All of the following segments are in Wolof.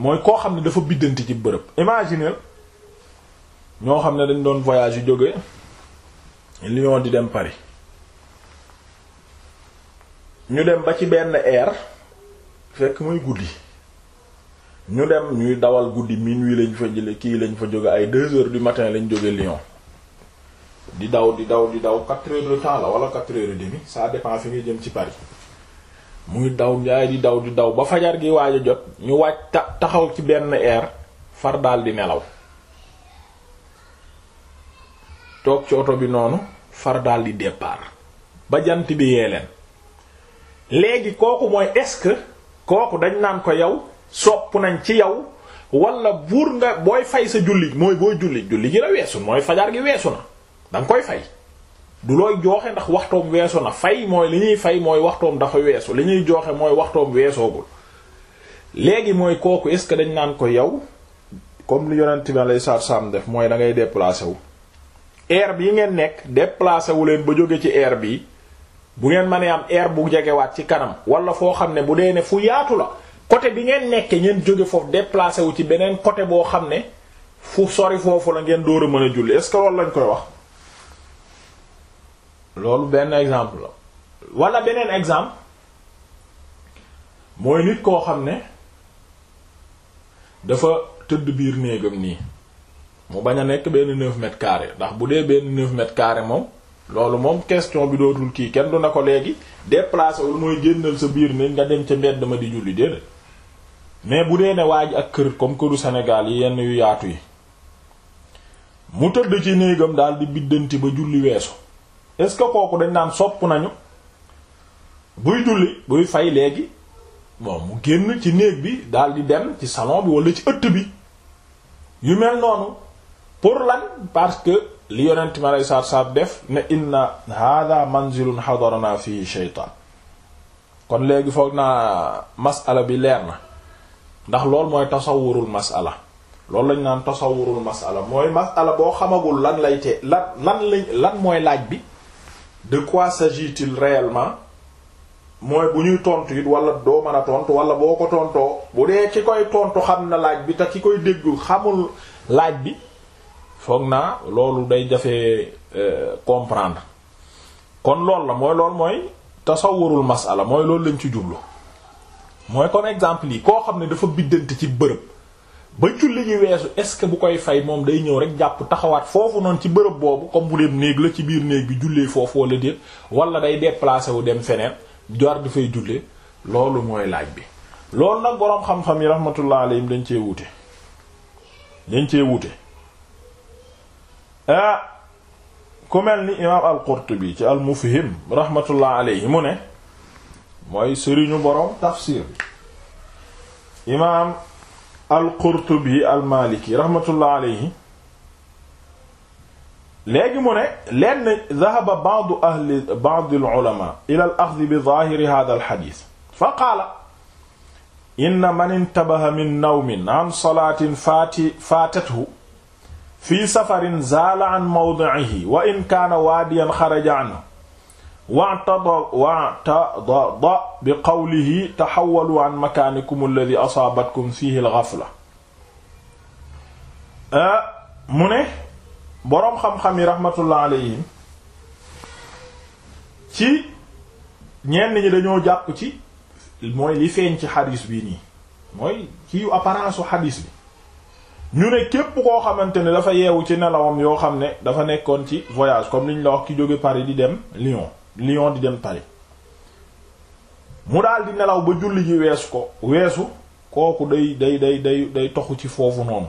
mooy koo xam ne dafa biddanti ci bërëb imaginer ñoo xam ne dañ doon voyage yu jóge Lyon di dem Paris ñu dem ba ci benn air fekk muy guddi ñu dem ñuy dawal guddi minuit lañ fa jële kii lañ fa jóge ay deux heures du matin lañ jóge Lyon di daw di daw di daw quatre heures de temps la wala quatre heures et demie ça dépend fi nga jëm ci Paris muy daw njaay di daw di daw ba fajar gi waaj a jot ñu wàcc taxaw ci benn air far dal di nelaw toog ci oto bi noonu far daal di départ ba jant bi yee leen léegi kooku mooy est-ce que kooku dañ naan ko yow sopp nañ ci yow walla buur nga booy fay sa julli mooy booy julli julli gi la weesu mooy fajar gi weesu na danga koy fay du looy jooxe ndax waxtoom weesu na fay mooy li ñuy fay mooy waxtoom dafa weesu li ñuy jooxe mooy waxtoom weesoogul léegi mooy kooku est ce que dañ naan ko yow comme li yonent bi lay saar saam def mooy da ngay déplacé wu air bi ngeen nekk déplacé wu leen ba jóge ci air bi bu ngeen mënee am air bu jegewaat ci kanam wala foo xam ne bu dee ne fu yaatu la côté bi ngeen nekke ngeen jóge foofu déplacé wu ci beneen côté boo xam ne fu sori foofu la ngeen door a mën a julli est ce que loolu wax loolu benn exemple la wala beneen exemple mooy nit koo xam ne dafa tëdd biir néegam nii mu bañ a nekk benn neuf mètres carrés ndax bu dee benn neuf mètres carrés moom loolu moom question bi dootul kii kenn du na ko léegi déplacé wul mooy génnal sa biir néeg nga dem ca mbedd ma di julli déedéet mais bu dee ne waa ji ak kër comme këru Sénégal yi yenn yu yaatu yi mu tëdd ci néegam daal di biddanti ba julli weesu est-ce que kooku dañ naan sopp nañu buy julli buy fay léegi bon mu génn ci néeg bi daal di dem ci salon bi wala ci ëtt bi yu mel noonu pour lan parce que li yonent mi alei saatu salaam def ne inna hada manzilun hadarana fi shaytan kon léegi foog naa masala bi leer na ndax lool mooy tasawurul masala loolu lañ naan tasawurul masala mooy masala boo xamagul lan lay te lan lan lañ lan mooy laaj bi de quoi s'agit-il réellement mooy bu ñuy tontu it wala doo man a tontu wala boo ko tontoo bu dee ci koy tontu xam na laaj bi te ki koy déggu xamul laaj bi foog naa loolu day jafe euh, comprendre kon loolu la mooy loolu mooy tasawurul masala mooy loolu lañ ci jublu mooy kon exemple yi koo xam ne dafa biddante ci bërëb ba julli gi weesu est-ce que bu koy fay moom day ñëw rek jàpp taxawaat foofu noonu ci bërëb boobu comme bu dem néeg la ci biir néeg bi jullee foofu la déet wala day déplacé wu dem feneen jaar di fay jullee loolu mooy laaj bi. loolu nag boroom xam-xam yi rahmatullah alayhim dañ cee wuute dañ cee wuute ah ku mel ni imaam al-Qurtubi ci al-Mufhim rahmatullah alayhi mu ne mooy sëriñu boroom tafsir imaam. al-Qurtubi al-Maliki rahmatullah alayhi léegi mu ne lenn dhahaba ba'du ahli ba'du al-ulama ila al-akhdh bi dhahiri hadha al-hadith fa qaala inna man intabaha min nawmin an salaatin faati faatathu fi safarin zaala an mawdi'ihi wa in kaana waadiyan xaraja anhu wa'tada wa'tada bi qawlihi taxawalu an makaanikum alladi asaabatkum fihi alxafla ah, mu ne boroom xam-xam yi rahmatullah alayhim ci ñenn ñi dañoo jàpp ci mooy li feeñ ci xadis bi nii mooy ci apparence u xadis bi ñu ne képp koo xamante ni dafa yeewu ci nelawam yoo xam ne dafa nekkoon ci voyage comme li ñu la wax ki jóge Paris di dem Lyon Lyon di dem Paris mu daal di nelaw ba julli ji wees ko weesu kooku day day day day day toxu ci foofu noonu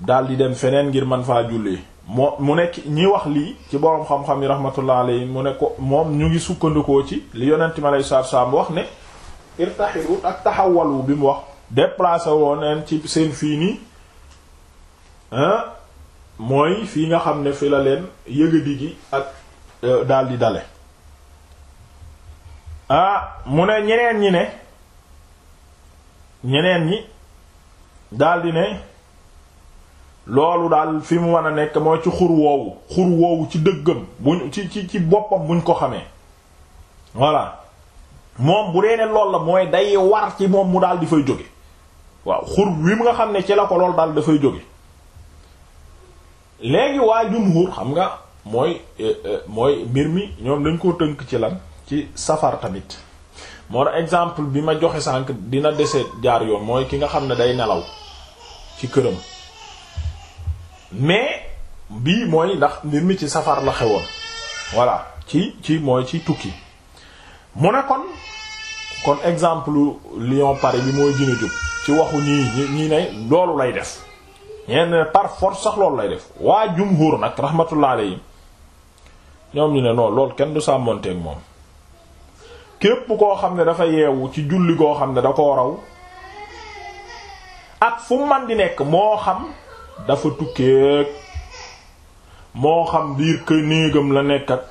daal dem feneen ngir man faa julli moo mu nekk ñi wax lii ci boroom xam-xam yi rahmatullah alayhi mu ne ko moom ñu ngi sukkandikoo ci li yonent ma alayhi salaatu salaam wax ne irtaxilu ak taxawalu bi mu wax déplacé woon neen ci seen fii nii mooy fii nga xam ne fi la leen yëgadi gi ak euh, daldi dale ah mu ne ñeneen ñi ne ñeneen ñi daldi ne loolu daal fi mu mën a nekk mooy ci xur woowu xur woowu ci dëggam buñ ci ci ci boppam buñ ko xamee voilà moom bu dee ne lool la mooy day war ci moom mu daal di fay jóge waaw xur wi mu nga xam ne ci la ko lool daal dafay jóge léegi waa jumhur xam nga mooy eh, eh, mooy mbir mi ñoom dañ koo tënk ci lan ci safar tamit moo exemple bi ma joxe sànq dina dese jaar yoon mooy ki nga xam ne day nelaw ci këram mais bii mooy ndax mbir mi ci safar la xewoon voilà ci ci mooy ci tukki mu ne kon kon exemple lion Paris bi mooy gën a jub ci waxu ñii ñii ne loolu lay def ñeen ne par sax loolu lay def waa jumhur nag rahmatullah yi ñoom ñu ne non loolu kenn du sàmmonteeg moom képp koo xam ne dafa yeewu ci julli goo xam ne da koo raw ak fu man di nekk moo xam dafa tukkee moo xam biir kër néegam la nekk ak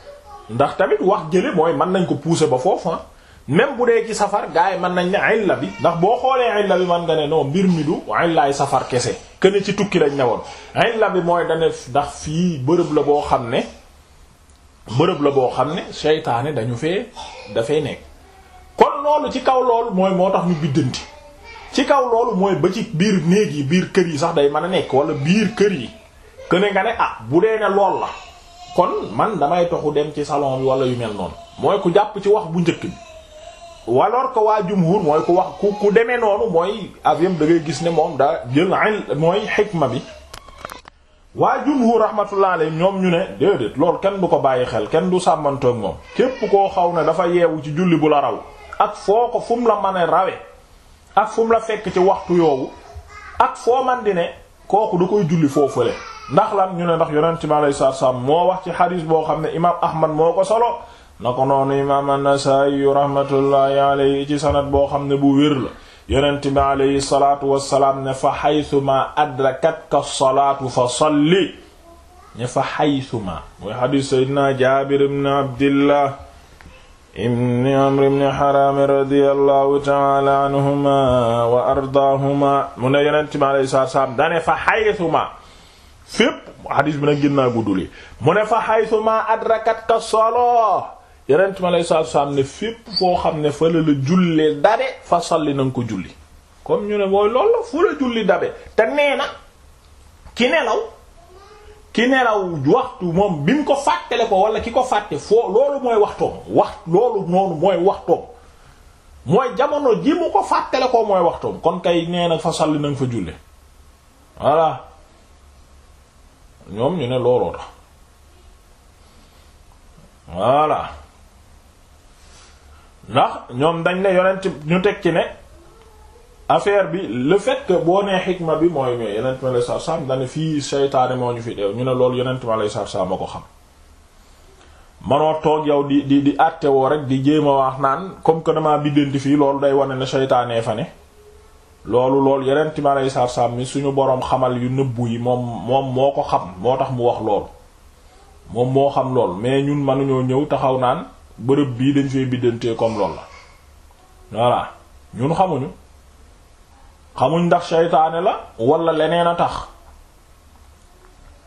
ndax tamit wax jële mooy mën nañ ko pousser ba foofa ah bu dee ci safar gars yi mën nañ ne illa bi ndax boo xoolee illa bi man nga ne non mbir mi du illaay safar kese kene ci tukki lañ ne woon illa bi mooy dane ndax fii bërëb la boo xam ne bërëb la boo xam ne seytaane dañu fee dafay nekk kon loolu ci kaw loolu mooy moo tax ñu biddanti ci kaw loolu mooy ba ci biir néeg yi biir kër yi sax day man a nekk wala biir kër yi këne nga ne ah bu dee ne lool la kon man damay toxu dem ci salon bi wala yu mel noonu mooy ku jàpp ci wax bu njëkk bi alors que waa jumhur mooy ku wax ku ku demee noonu mooy aviam da ngay gis ne moom daa jël mooy xikma bi waa jumhur rahmatullah alayhi ñoom ñu ne déedéet loolu kenn du ko bàyyi xel kenn du sàmmantoog moom képp koo xaw ne dafa yeewu ci julli bu la raw ak foo ko fu mu la mën a rawe ak fu la fekk ci waxtu yoowu ak foo man di kooku du koy julli le ndax lan ñu ne ndax yonent bi alayhi salaatu salaam moo wax ci xadiis boo xam ne imaam ahmad moo ko solo na ko noonu imaam an-Nasaa'i rahmatullahi alayhi ci sanad boo xam ne bu wér la yonent bi aleyhi salaatu wassalaam ne fa xaytuma adrakatka salaatu fa salli ne fa xaytuma mooy xadiis seydina jaabir ibn abdillah ibn amr ibn xaraam radiyallahu taala anhuma wa ardaahuma mu ne yonent bi aleyhi salaatu wassalaam dane fa xaytuma fépp xadiis bi nag gën naa gudduli mu ne fa xaytuma adrakatka salaatu yeneen ma lay saa saam ne fépp foo xam ne fa la la jullee dabe fa salli na nga ko julli comme ñu ne mooy loolu fu la julli dabe te nee na ki nelaw ki nelaw waxtu moom bi mu ko fàttale ko wala ki ko fàtte foo loolu mooy waxtoom wax loolu noonu mooy waxtoom mooy jamono ji mu ko fàttale ko mooy waxtoom kon kay nee na fa salli na nga fa julle voilà ñoom ñu ne looloo tax ndax ñoom dañ ne yonent ñu teg ci ne affaire bi le fekk que boo nee xikma bi mooy mooy yonent ma lay sar sam dane fii seytaane moo ñu fi ñu ne loolu yonent ma sar sam ma ko xam manoo toog yow di di di àtte woo rek di jéem a wax naan comme que dama biddanti fii loolu day wane ne seytaanee fa loolu loolu yonent ma sar sam mi suñu boroom xamal yu nëbbu yi moom moom moo ko xam moo tax mu wax loolu moom moo xam loolu mais ñun mënuñoo ñëw taxaw naan bërëb bii dañ fay biddantee comme loolu la voilà ñun xamuñu xamuñ ndax seytaane la wala leneen a tax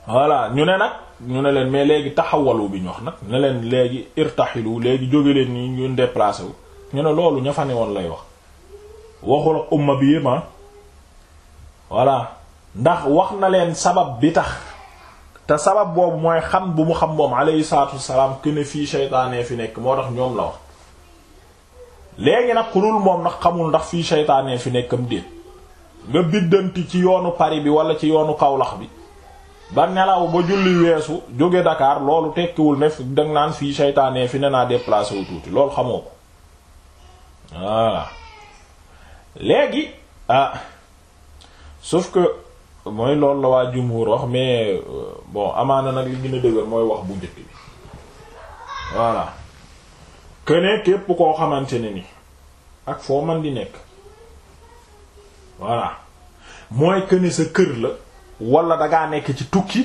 voilà ñu ne nag ñu ne leen mais léegi taxawalu bi ñu wax nag ne leen léegi irtaxilu léegi jóge leen nii ñu déplacé wu ñu ne loolu ñu fa ne woon lay wax waxul umma bi yépp ah. voilà ndax wax na leen sabab bi tax te sabab boobu mooy xam bu mu xam moom alayhi salaam wassalaam ne fii seytaane fi nekk moo tax ñoom la wax léegi nag ku moom ndax xamul ndax fii seytaane fi nekkam déet nga biddanti ci yoonu Paris bi wala ci yoonu kawlax bi ba nelaw ba julli weesu jóge Dakar loolu tekkiwul ne dang naan fii seytaane fi ne naa déplacé wu tuuti loolu xamoo ko léegi ah sauf que mooy loolu la waa jumhur wax mais euh, boo amaana nag li gën a dëgër mooy wax bu njëkk bi voilà kene képp koo xamante ne ni ak foo man di nekk voilà mooy kene sa kër la wala dangaa nekk ci tukki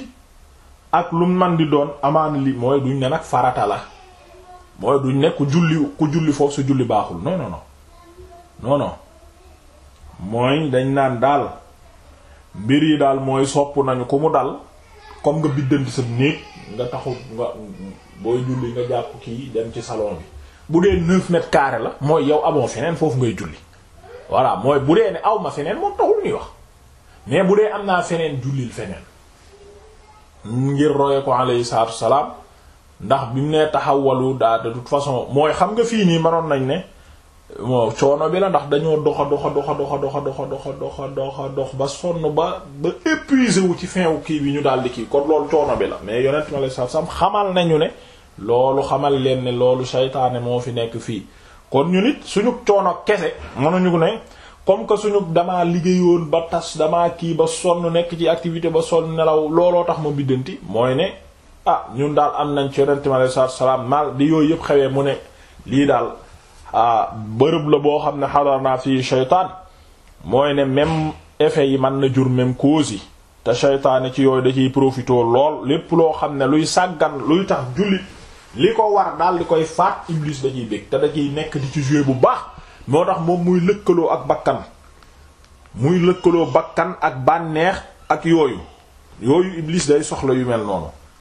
ak lu man di doon amaana li mooy duñ ne nag farata la mooy duñ ne ku julli ku julli foofu su julli baaxul non non non mooy dañ naan daal mbir yi daal mooy sopp nañu ku mu dal comme nga biddanti sa néeg nga taxut nga booy julli nga jàpp kii dem ci salon bi bu dee neuf mètres carrés la mooy yow amoo feneen foofu ngay julli voilà mooy bu dee ne aw ma feneen moom taxul ñuy wax mais bu dee am naa feneen jullil feneen ngir roye ko alayhi salaatu wa salaam ndax bi mu nee taxawalu daa de toute façon mooy xam nga fii nii manoon nañ ne mo coono bi la ndax dañoo doxa doxa doxa doxa doxa doxa doxa doxa doxa dox ba sonn ba ba épuisé wu ci fin wu kii bi ñu daal di kii kon loolu coono bi la mais yonent mi alei satu xamal nañu ne loolu xamal leen ne loolu saytaane moo fi nekk fii kon ñu nit suñu coono kese mënuñu ne comme que suñu damaa liggéeyoon ba tas damaa kii ba sonn nekk ci activité ba sonn nelaw looloo tax ma biddanti mooy ne ah ñun daal am nañ ci yonent mi alei satu salaam mal di yooyu yëpp xewee mu ne lii daal ah bërëb la boo xam ne xadar naa fii shaytaan mooy ne même effet yi man na jur même cause yi te shaytaane ci yooyu da ciy profité lool lépp loo xam ne luy sàggan luy tax jullit li ko war daal di koy faat iblis da ciy bég te da ciy nekk di ci jouer bu baax moo tax moom muy lëkkaloo ak bakkan muy lëkkaloo bakkan ak bànneex ak yooyu yooyu iblis day soxla yu mel noonu